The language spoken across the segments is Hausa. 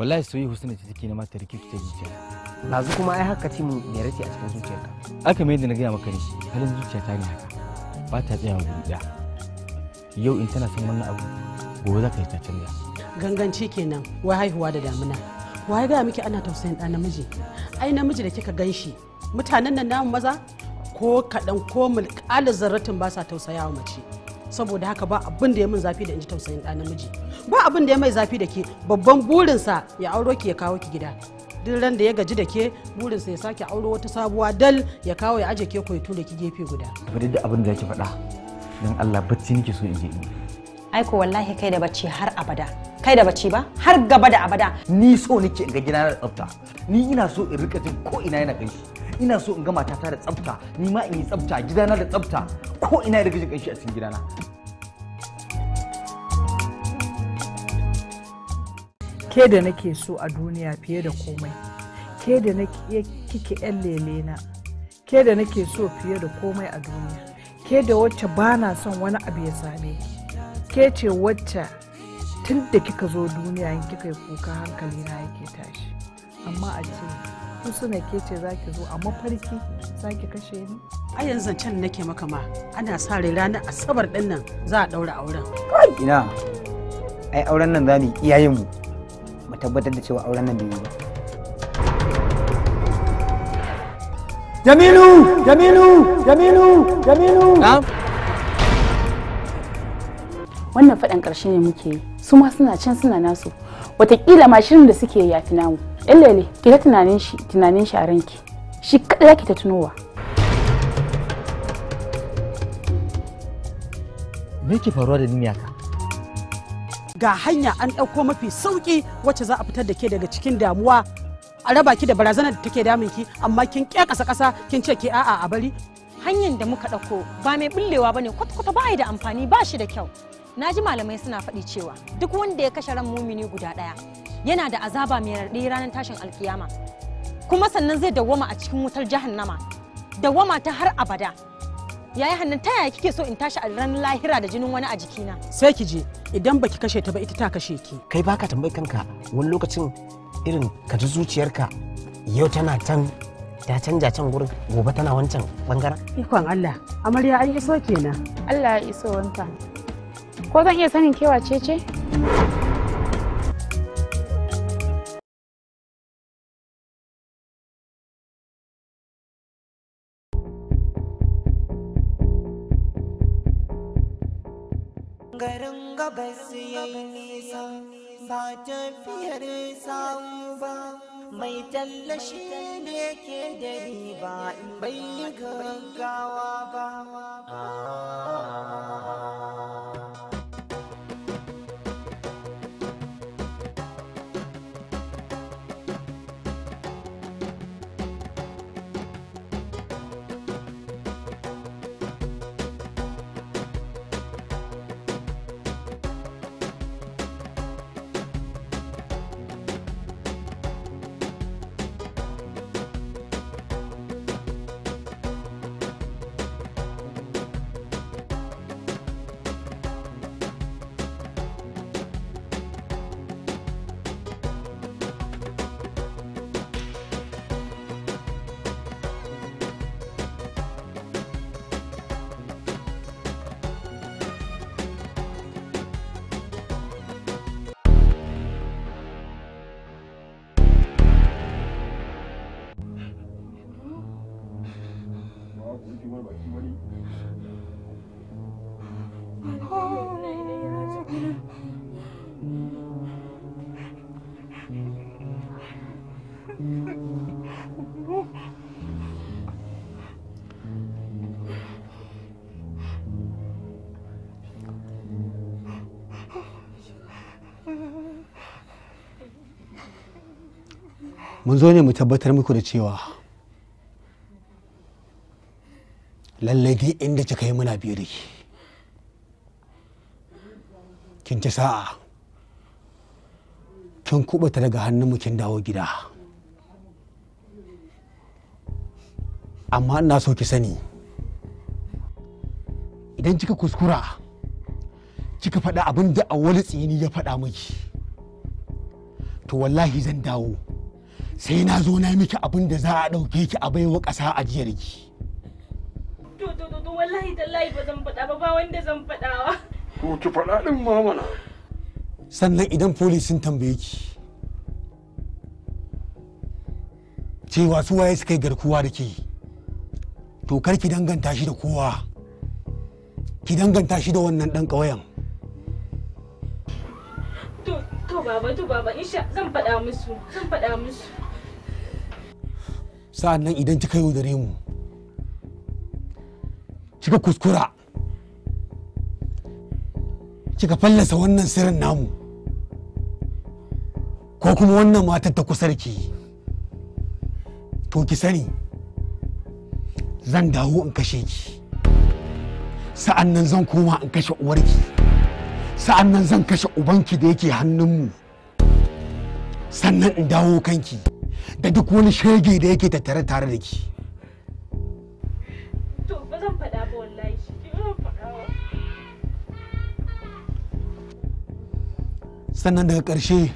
wallahi soyi husna ce ciki na mata rikirkita zuciya yanzu kuma ai haka ce mu me race a cikin zuciyarka aka mai da na gaya maka ne halin zuciya ta ne haka ba ta tsaya guri da yau in tana son wannan abu gobe za ka yi ta canza ganganci kenan wai haihuwa da damuna wai ga miki ana tausayin ɗa namiji ai namiji da kika ganshi mutanen nan namu maza ko kaɗan ko mulkalin zarratin ba sa tausaya wa mace saboda haka ba abin da ya min zafi da in ji tausayin ɗan namiji ba abin da ya mai zafi da ke babban burinsa ya auro ki ya kawo ki gida duk ran da ya gaji da ke burinsa ya sake auro wata sabuwa dal ya kawo ya aje ke ko ya tura ki gefe guda ba da abin da ki faɗa don Allah bacci nake so in je in ai wallahi kai da bacci har abada kai da bacci ba har gaba da abada ni so nake in ga gida da tsafta ni ina so in rika jin ko ina yana kai ina so in ga matata da tsafta ni ma in yi tsafta gidana da tsafta ko ina da gajin kanshi a cikin gidana ke da nake so a duniya fiye da komai ke da nake kike yan lelena ke da nake so fiye da komai a duniya ke da wacce ba na son wani abu ya same ke ce wacce tun da kika zo duniya in kika yi kuka hankali na yake tashi amma a ce su suna ke ce za ki zo a mafarki za ki kashe ni a yanzu can nake maka ma ana sa rai ranar asabar din nan za a daura auren ina ai auren nan za mu iyayen mu mu tabbatar da cewa auren nan bai ba Jamilu! Jamilu! Jamilu! Jamilu! Wannan faɗin ƙarshe ne muke yi. Su ma suna can suna nasu. watakila mashin da suke ya fi namu yan lele ki ta tunanin shi a ranki shi ya ki ta tunowa me ke faruwa da duniya ka ga hanya an ɗauko mafi sauƙi wacce za a fitar da ke daga cikin damuwa a raba ki da barazanar da take damun ki amma kin ƙya ƙasa ƙasa kin ce ki a'a a bari hanyar da muka ɗauko ba mai bullewa bane kwata-kwata ba da amfani ba shi da kyau na ji malamai suna faɗi cewa duk wanda ya kashe ran mumini guda ɗaya yana da azaba mai raɗi ranar tashin alkiyama kuma sannan zai dawwama a cikin wutar jahannama dawwama ta har abada yayi hannun ta yaya kike so in tashi a ranar lahira da jinin wani a jikina sai ki je idan baki kashe ta ba ita ta kashe ki kai baka tambayi kanka wani lokacin irin ka ji zuciyarka yau tana can ta canja can gurin gobe tana wancan bangaren ikon Allah amarya an iso kenan Allah ya iso wanta Ko zan iya sanin kewa ce ce? Garin gabas yayi nisa ba tafiyar samu ba. mai tallashi ne ke da ba in bai gaggawa ba. mun zo ne mu tabbatar muku da cewa lallai dai inda kika yi muna biyu da ki kin ci sa'a kin kubuta daga hannunmu kin dawo gida amma ina so ki sani idan kika kuskura kika faɗa abin da a wani tsini ya faɗa miki to wallahi zan dawo sai na zo na miki abin da za a ɗauke ki a baiwa ƙasa ajiyar ki. To to to to wallahi tallahi ba zan faɗa ba ba wanda zan faɗawa. To ki faɗa ɗin mamana. Sannan idan polis sun tambaye ki. Cewa su waye suka yi garkuwa da ke to kar ki danganta shi da kowa. Ki danganta shi da wannan ɗan ƙauyen. To to baba to baba insha zan faɗa musu zan faɗa musu. sa'an nan idan kika dare mu kika kuskura kika fallasa wannan sirrin namu ko kuma wannan matar ta kusa ki to ki sani zan dawo in kashe ki sa'an nan zan koma in kashe uwarki sa'an nan zan kashe ubanki da yake hannunmu sannan in dawo kanki da duk wani shege da yake tattare tare da ki to ba zan faɗa ba wallahi sannan daga ƙarshe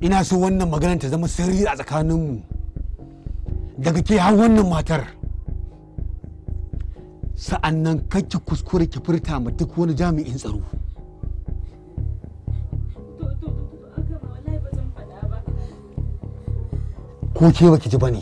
ina so wannan maganar ta zama sirri a tsakaninmu daga ke har wannan matar sa'annan kake kuskure ki furta ma duk wani jami'in tsaro ko ke baki ji bane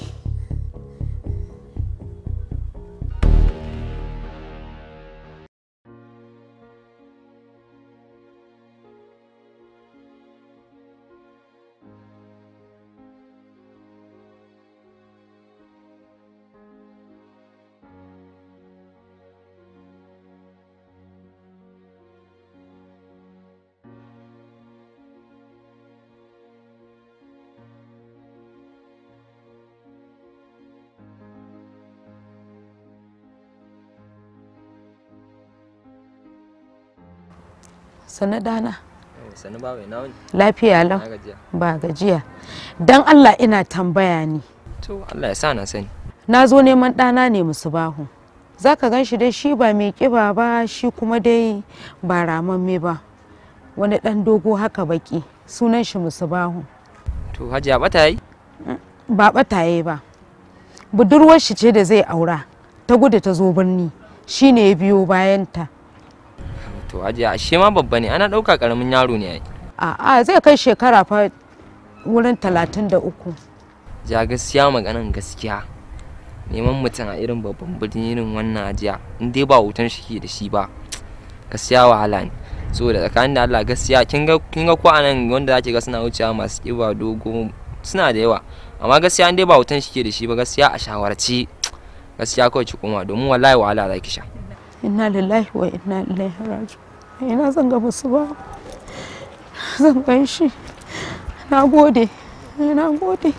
sani dana eh, sannu ba mai nawani lafiya lau ba gajiya dan Allah ina tambaya ne. to Allah ya sa na sani na zo neman dana ne musu bahu za ka gan shi dai shi ba mai kiba ba shi kuma dai ba ramamme ba wani ɗan dogo haka baki sunan shi musu bahu to hajiya bata yi mm, ba bata yi ba budurwar shi ce da zai aura ta gudu ta zo birni shine ya biyo bayanta to hajiya shi ma babba ne ana ɗauka ƙaramin yaro ne a'a zai kai shekara fa wurin talatin da uku ja gaskiya maganan gaskiya neman mutum a irin babban birni irin wannan ajiya in dai ba hoton shi ke da shi ba gaskiya wahala ne saboda tsakanin da Allah gaskiya kin ga kin ga ko anan wanda zaki ga suna wucewa masu kiba dogo suna da yawa amma gaskiya in dai ba hoton shi ke da shi ba gaskiya a shawarci gaskiya kawai ci koma domin wallahi wahala zaki sha inna lillahi wa inna ilaihi raji'un ina zan ga musu ba zan gan shi na gode na gode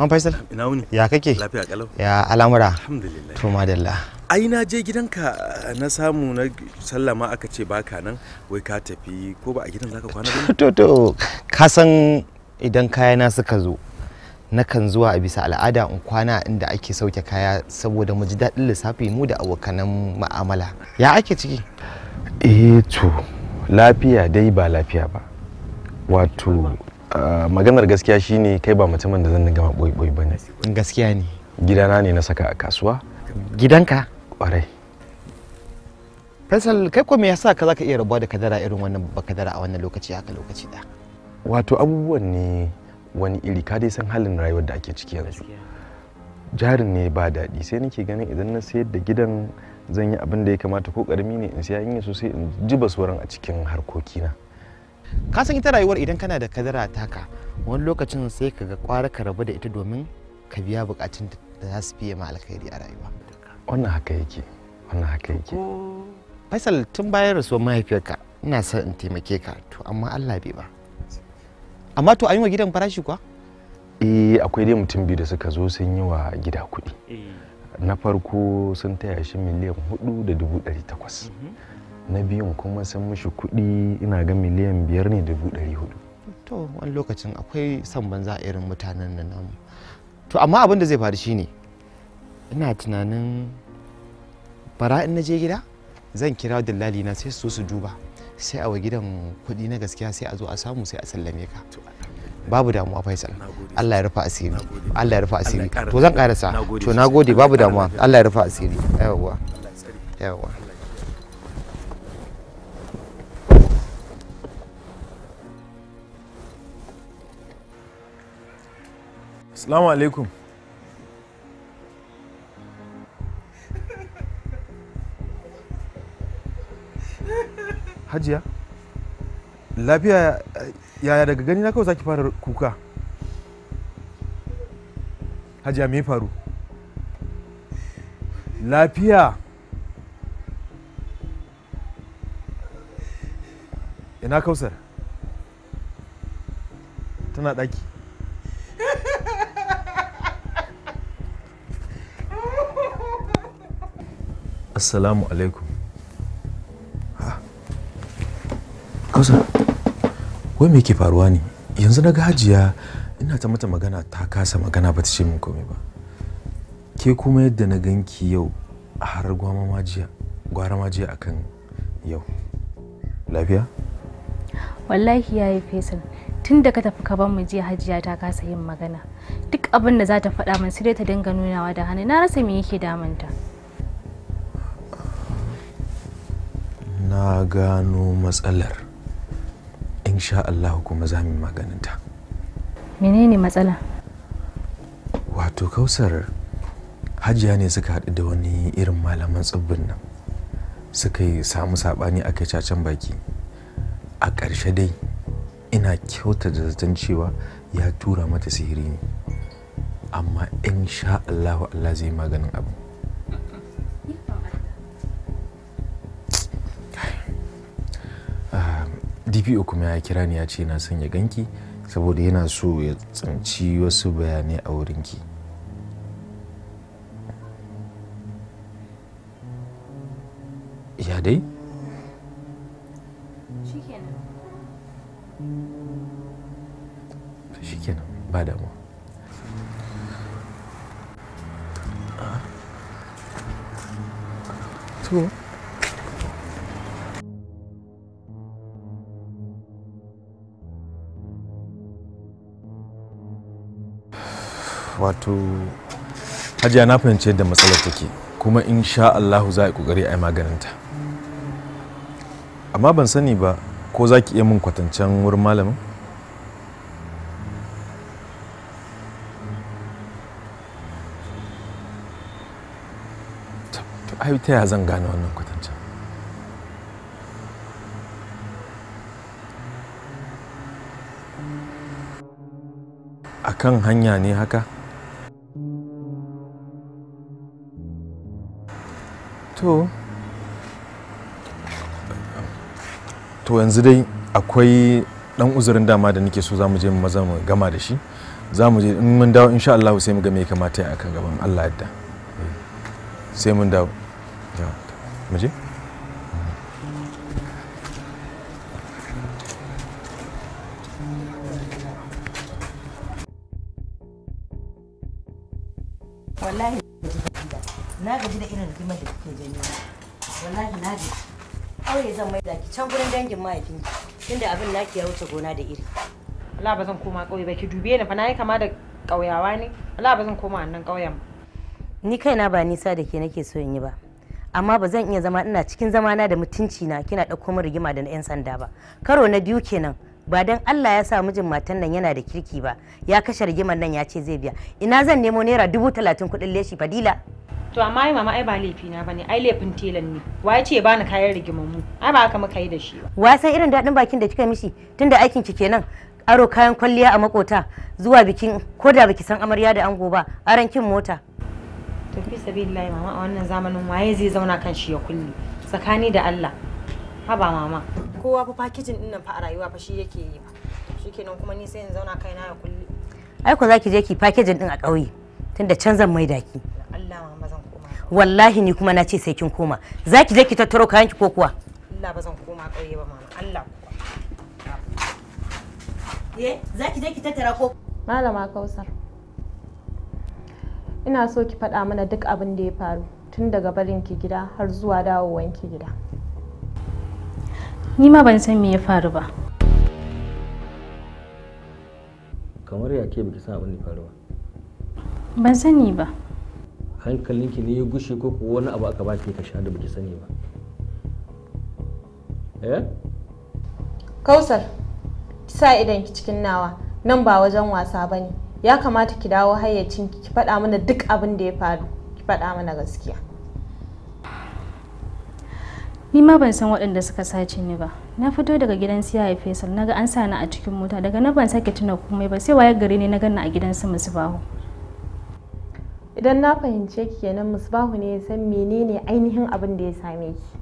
an faisal ina wuni ya kake lafiya kalau ya al'amura alhamdulillah to madalla ai na je gidanka na samu na sallama aka ce baka nan wai ka tafi ko ba a gidan zaka kwana ba to to ka san idan kayana suka zo na kan zuwa a bisa al'ada in kwana inda ake sauke kaya saboda mu ji daɗin lissafi mu da abokanan ma'amala ya ake ciki eh to lafiya dai ba lafiya ba wato Ah, maganar gaskiya shine kai ba mutumin da zan ga ma boyi ba bane gaskiya ne gidana ne na saka a kasuwa gidanka kwarai faisal kai ko me yasa ka zaka iya rabuwa da kadara irin wannan ba kadara a wannan lokaci haka lokaci da wato abubuwan ne wani iri ka dai san halin rayuwar da ake ciki yanzu jarin ne ba daɗi sai nake ganin idan na sayar da gidan zan yi abin da ya kamata ko ƙarami ne in siya in yi sosai in ji basuwaran a cikin harkokina. na ka san ita rayuwar idan kana da kadara taka wani lokacin sai ka ga kwara ka rabu da ita domin ka biya bukatun da za su fiye ma alkhairi a rayuwa wannan haka yake wannan haka yake faisal tun bayan rasuwar mahaifiyarka ina son in taimake ka to amma allah bai ba amma to an yi wa gidan farashi kuwa eh akwai dai mutum biyu da suka zo sun yi wa gida kuɗi eh. na farko sun taya shi miliyan hudu da dubu ɗari takwas mhm. na biyun kuma san mishi kuɗi ina ga miliyan biyar ne dubu ɗari hudu to wani lokacin akwai son banza irin mutanen nan namu to amma abin da zai faru shine ina tunanin bara in na je gida zan kira dillali na sai su su duba sai a wa gidan kuɗi na gaskiya sai a zo a samu sai a sallame ka babu damuwa faisal Allah ya rufa asiri Allah ya rufa asiri to zan karasa to nagode babu damuwa Allah ya rufa asiri yawwa yawwa Assalamu alaikum. Hajiya, lafiya yaya daga gani na kawai zaki fara kuka? Hajiya me faru? Lafiya. Ina kausar? Tana ɗaki. assalamu alaikum kausa wai me ke faruwa ne yanzu na ga hajiya ina ta mata magana ta kasa magana ba ta ce min komai ba ke kuma yadda na ganki yau har gwama majiya gwara majiya akan yau lafiya wallahi ya yi fesin tun da ka tafi ka ban mu jiya hajiya ta kasa yin magana duk abin da za ta faɗa min sai dai ta dinga nunawa da hannu na rasa me yake damunta. ta na gano matsalar insha Allah kuma za mu maganinta menene matsala wato kausar hajiya ne suka haɗu da wani irin malaman tsibbin nan suka yi samu saɓani a kai cacen baki a ƙarshe dai ina kyauta da zaton cewa ya tura mata sihiri ne amma insha Allah Allah zai maganin abu dpo kuma ya kira ni ya ce na son ya ganki saboda yana so ya tsanci wasu bayanai a wurinki ya dai wato hajiya na fahimci yadda matsalar take kuma insha Allah za a kokari a yi maganinta amma ban sani ba ko za ki iya min kwatancen wurin malamin ai ta ya zan gane wannan kwatancen a kan hanya ne haka to to yanzu dai akwai dan uzurin dama da nake so zamu je mu maza mu gama da shi zamu je in mun dawo insha Allah sai mu ga me kamata ya kan gaban Allah yadda eh, sai mun dawo mu je mahaifinki tunda abin naki ya wuce gona da iri Allah ba zan koma ƙauye ba ki dube ni fa nayi kama da ƙauyawa ne Allah ba zan koma wannan ƙauyen ba ni kaina ba nisa da ke nake so in yi ba amma ba zan iya zama ina cikin zamana da mutunci na kina ɗauko min rigima da na 'yan sanda ba karo na biyu kenan ba dan Allah ya sa mijin matan nan yana da kirki ba ya kashe rigimar nan ya ce zai biya ina zan nemo naira dubu talatin kuɗin leshi fadila to amma ai mama ai ba laifi na bane ai laifin telan ne wa ya ce ba ni kayan rigimammu ai ba haka muka yi da shi ba wa san irin daɗin bakin da kika mishi tunda aikin ki kenan aro kayan kwalliya a makota zuwa bikin ko da baki san amarya da ango ba aran kin mota to fi sabilillahi mama a wannan zamanin waye zai zauna kan shi ya kulle tsakani da Allah haba mama kowa fa fakijin din nan fa a rayuwa fa shi yake yi ba shikenan kuma ni sai in zauna kaina ya kulle ai ko zaki je ki fakijin din a ƙauye tunda can zan maida ki wallahi ni kuma na ce sai kin koma za ki je ki tattaro kayan ki ko kuwa Allah ba zan koma ƙauye ba mama Allah kuwa ye eh, za ki je ki tattara ko malama Kausar ina so ki faɗa mana duk abin da ya faru tun daga barin ki gida har zuwa dawowan ki gida ni ma ban san me ya faru ba kamar ya ke biki san abin da ya faru ba ban sani ba hankalinki ne ya gushe ko ko wani abu aka baki ka sha da baki sani ba eh kausar sa idan ki cikin nawa nan ba wajen wasa bane ya kamata ki dawo hayyacin ki faɗa mana duk abin da ya faru ki faɗa mana gaskiya ni ma ban san waɗanda suka sace ni ba na fito daga gidan siya yaya fesal naga an sa ni a cikin mota daga na ban sake tuna komai ba sai waye gari ne na ganna a gidan su musu bahu idan na fahimce ki kenan musbahu ne ya san menene ainihin abin da ya same ki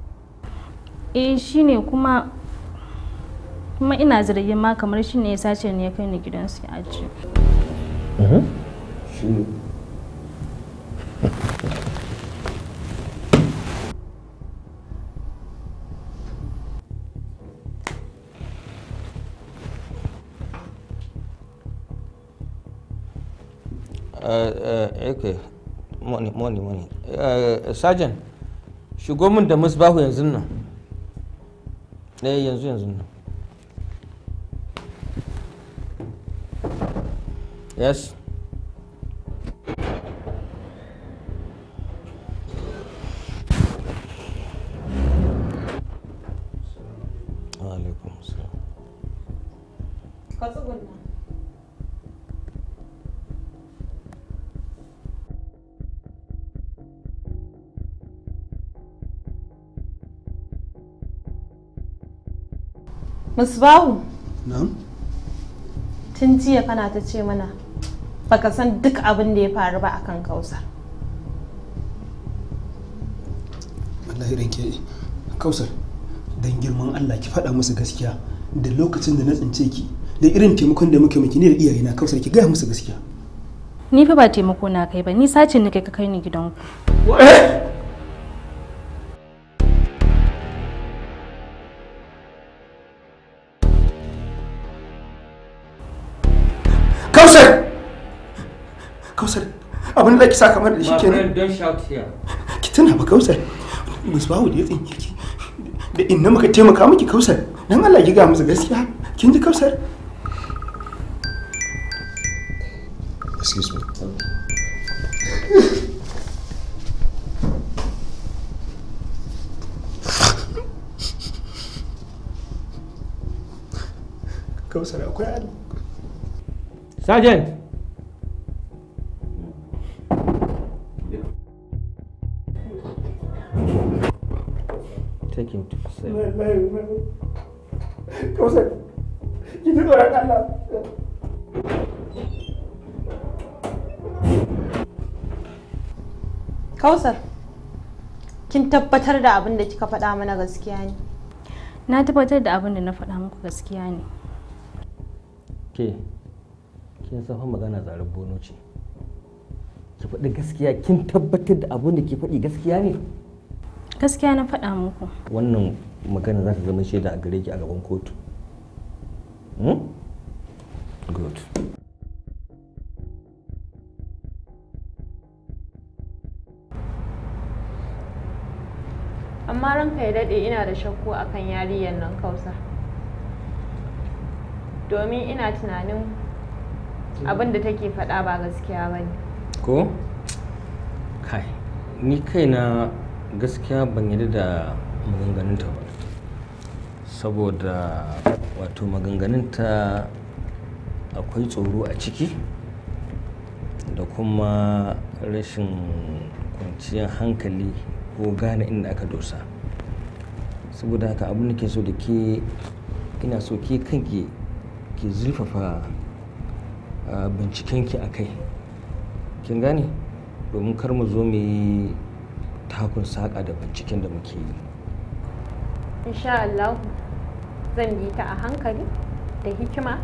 eh shine kuma kuma ina zargin ma kamar shine ya sace ne ya kai ni gidansu ya ajiye mhm. Eh, eh, okay money money eh, shigo min da musbahu yanzu nan ne yanzu yanzu nan yes alaikum salam ka musbahu na'am tun jiya kana ta ce mana baka san duk abin da ya faru ba akan kausar wallahi ranke kausar dan girman Allah ki faɗa musu gaskiya da lokacin da na tsince ki da irin taimakon da muke miki ne da iyayena kausar ki gaya musu gaskiya ni fa ba taimako na kai ba ni sace ni kai ka kai ni gidanku eh kausar kausar abin da ki sa kamar da shi nan ki tuna ba kausar musbahu da ya tsinke ki da inna muka taimaka miki kausar dan Allah ki ga musu gaskiya kin ji kausar Sergeant! Take him to the Come on, you ji tsoron Allah. Kausar, kin tabbatar da abin da kika faɗa mana gaskiya ne? Na tabbatar da abin da na faɗa muku gaskiya ne. Ke, kin san magana zarar bono ce ki faɗi gaskiya kin tabbatar da abun da ke faɗi gaskiya ne gaskiya na faɗa muku wannan magana za ta zama shaida a gare ki a gaban kotu hmm? good amma ranka ya daɗe ina da shakku akan yariyan nan kausa domin ina tunanin abin da take faɗa ba gaskiya ba ne ko kai ni kaina gaskiya ban yarda da maganganunta ba saboda wato maganganunta akwai tsoro a ciki da kuma rashin kwanciyar hankali ko gane inda aka dosa saboda haka abin da ke so da ke ina so ke kanki ke zurfafa bincikenki a kai kin gane domin kar mu zo mu yi takun saƙa da binciken da muke yi insha Allah zan yi ta a hankali da hikima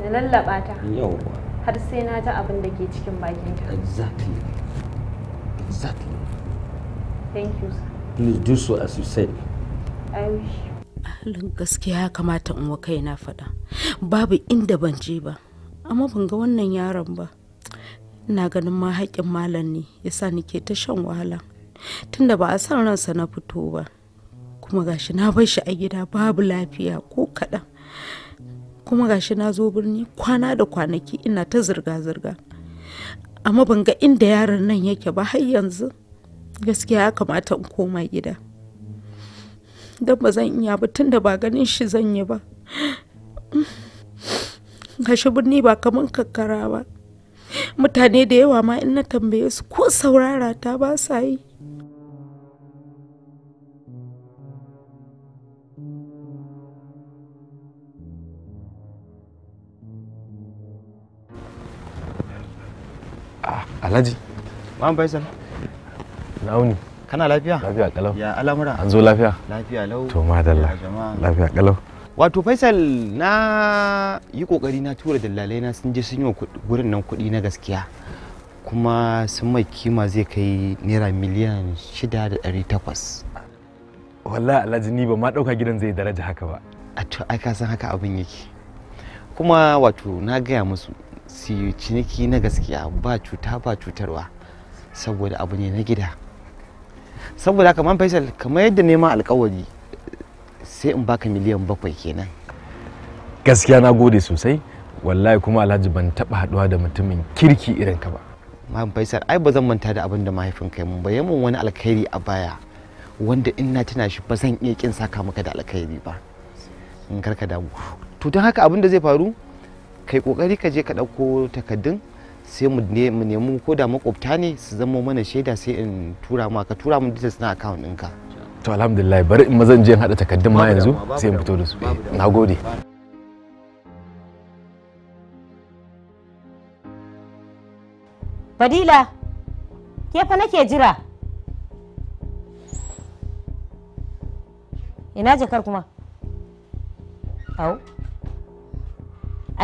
na lallaba ta yawwa har sai na ta abin da ke cikin bakinta exactly exactly thank you sir please do so as you said i wish gaskiya ya kamata in wa kaina faɗa babu inda ban je ba amma ban ga wannan yaron ba ina ganin ma haƙƙin malam ne ni ke ta shan wahala tunda ba a san ransa na fito ba kuma gashi na bar shi a gida babu lafiya ko kaɗan kuma gashi na zo birni kwana da kwanaki ina ta zirga-zirga amma ban ga inda yaron nan yake ba har yanzu gaskiya ya kamata in koma gida don ba zan iya ba tunda ba ganin shi zan yi ba gashi birni ba kaman kakkara ba mutane da yawa ma in na tambaye su ko saurara ta ba sa yi ah, Alhaji. Ma'am Faisal. launi Kana lafiya? Lafiya kalau. Ya al'amura. An zo lafiya? Lafiya lau. To madalla. Lafiya kalau. wato faisal na yi kokari na tura dalilai na sun je sun yi wurin nan kuɗi na gaskiya kuma sun mai kima zai kai naira miliyan 6,800 wallahi alhaji ni ba ma ɗauka gidan zai daraja haka ba a to ai ka san haka abin yake kuma wato na gaya musu su ciniki na gaskiya ba cuta ba cutarwa saboda abu ne na gida saboda kamar faisal kamar yadda nema alkawari sai in baka miliyan bakwai kenan gaskiya na gode sosai wallahi kuma alhaji ban taba haduwa da mutumin kirki irin ka ba mahaifin faisal ai ba zan manta da abin da mahaifin kai mun bayan mun wani alkhairi a baya wanda in na tuna shi ba zan iya kin saka maka da alkhairi ba in karka damu to don haka abin da zai faru kai kokari ka je ka dauko takaddun sai mu nemi ko da makwabta ne su zama mana shaida sai in tura ma ka tura mun details na account ɗinka. to alhamdulillah bari in mazan je in hada takaddun ma yanzu sai in fito da su nagode Fadila ke fa nake jira ina jakar kuma au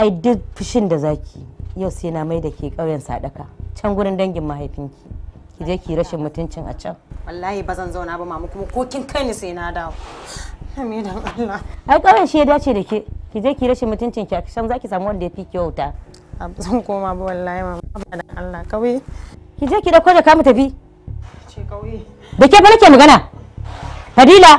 ai duk fushin da zaki yau sai na mai da ke ƙauyen sadaka can gurin dangin mahaifinki ki je ki rashin mutuncin a can wallahi ba zan zauna ba mamu kuma ko kin kai ni sai na dawo me dan Allah ai kawai shi ya dace da ke ki je ki rashin mutuncin ki san zaki samu wanda ya fi ki wauta zan koma ba wallahi mamu dan Allah kawai ki je ki dauko da kamu tafi ce kawai da ke ba nake magana Fadila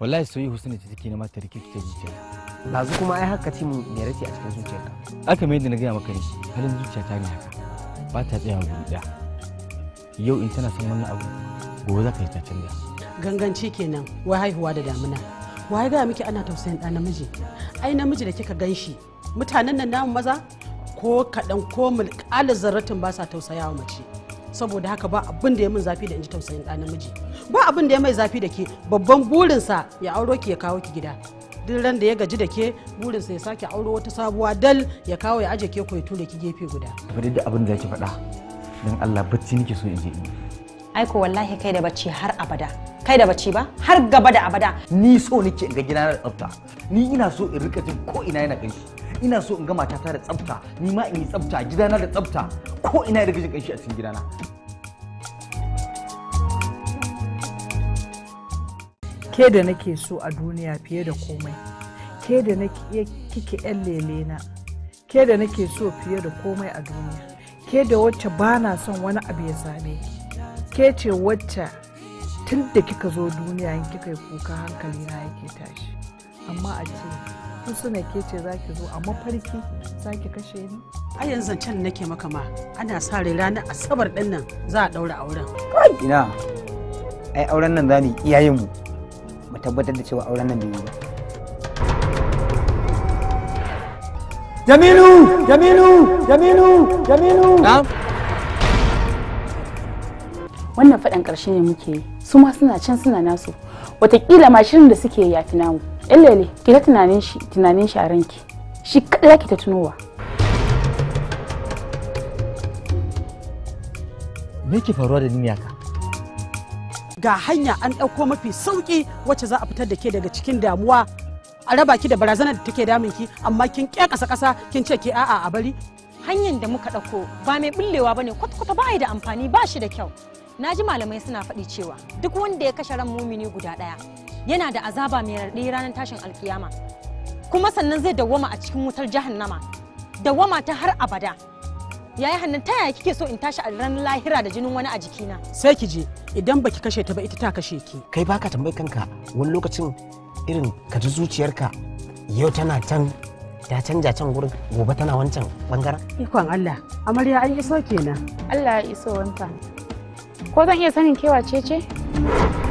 wallahi soyi husna ta take na mata rikici ta zuciya Dazu kuma ai haka ce mun me race a cikin zuciyarka. Aka mai da na gaya maka ne halin zuciyata ne haka ba ta tsaya wuri ɗaya. Yau in tana son wannan abu gobe za ka yi ta canza. Ganganci kenan wai haihuwa da damina. Wai gaya miki ana tausayin ɗa namiji. Ai namiji da kika ganshi mutanen nan namu maza ko kaɗan ko mulƙalar zarratin ba sa tausaya wa mace. saboda haka ba abin da ya min zafi da in ji tausayin ɗa namiji ba abin da ya mai zafi da ke babban burinsa ya auro ki ya kawo ki gida duk ran da ya gaji da ke burinsa ya sake auro wata sabuwa dal ya kawo ya aje ke ko ya tura ki gefe guda ba da abin da yake faɗa don Allah bacci nake so in je ai ko wallahi kai da bacci har abada kai da bacci ba har gaba da abada ni so nake ga gina da tsafta ni ina so in rika jin ko ina yana kanshi ina so in ga matata da tsafta ni ma in yi tsafta gidana da tsafta ko ina da gajin kanshi a cikin gidana ke da nake so a duniya fiye da komai ke da nake kike yan lele na ke da nake so fiye da komai a duniya ke da wacce ba na son wani abu ya same ke ce wacce tun da kika zo duniya in kika yi kuka hankali na yake tashi amma a ce suna ke ce za ki zo a mafarki za ki kashe ni a yanzu can nake maka ma ana sa rai ranar asabar ɗin nan za a ɗaura auren ina ai auren nan za ni iyayenmu. mu mu tabbatar da cewa auren nan bai yi ba Jaminu! Jaminu! Jamilu! Wannan faɗan ƙarshe ne muke yi, su ma suna can suna nasu, Wataƙila ma shirin da suke ya fi namu. Ɗan ki ta tunanin shi, tunanin shi a ranki, shi ya ki ta tunowa. Me ke faruwa da duniya ka? ga hanya an ɗauko mafi sauki wacce za a fitar da ke daga cikin damuwa a raba ki da barazanar da take damun ki amma kin ƙya ƙasa ƙasa kin ce ke a'a a bari hanyar da muka ɗauko ba mai bullewa bane kwata-kwata ba da amfani ba shi da kyau na ji malamai suna faɗi cewa duk wanda ya kashe ran mumini guda ɗaya yana da azaba mai raɗi ranar tashin alkiyama kuma sannan zai dawwama a cikin wutar jahannama dawwama ta har abada Yaya hannun ta yaya kike so in tashi a ran lahira da jinin wani a jikina? Sai ki je idan baki kashe ta ba ita ta kashe ki. Kai baka tambayi kanka wani lokacin irin ka ji zuciyarka yau tana can ta canja can gurin gobe tana wancan bangaren. Ikon Allah, amarya an iso kenan. Allah ya iso wanta. Ko zan iya sanin kewa ce ce?